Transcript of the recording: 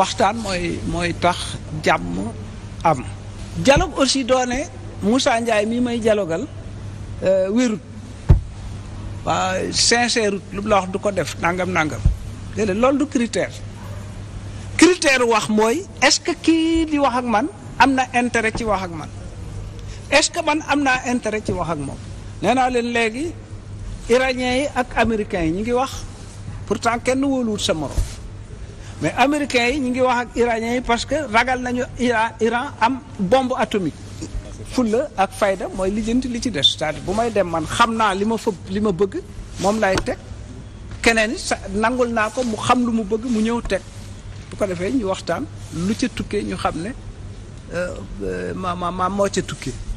waxtaan mooy mooy tax jàmm am dialogue aussi doone Moussa Ndiaye mii may dialogal euh, wérut waa sincère lu la wax du ko def nangam nangam déedéet loolu du critère critère wax mooy est-ce que kii di wax ak man am na intérêt ci wax ak man est-ce que man am naa intérêt ci wax ak moom nee naa leen léegi iraniens yi ak américains yi ñu ngi wax pourtant kenn wóoluwut sa morom mais américains yi ñu ngi wax ak iraniens yi parce que ragal nañu Iran Iran am bomb atomique fulla ak fayda mooy lijjanti li ci des cest bu may dem man xam naa li ma fa li ma bëgg moom lay teg keneen sa nangul naa ko mu xam lu mu bëgg mu ñëw teg bu ko defee ñu waxtaan lu ca tukkee ñu xam ne euh, euh, ma ma moo ca tukkee